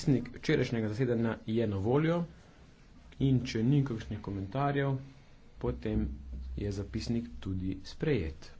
Zapisnik včerajšnjega zasedanja je na voljo in če ni kakšnih komentarjev, potem je zapisnik tudi sprejet.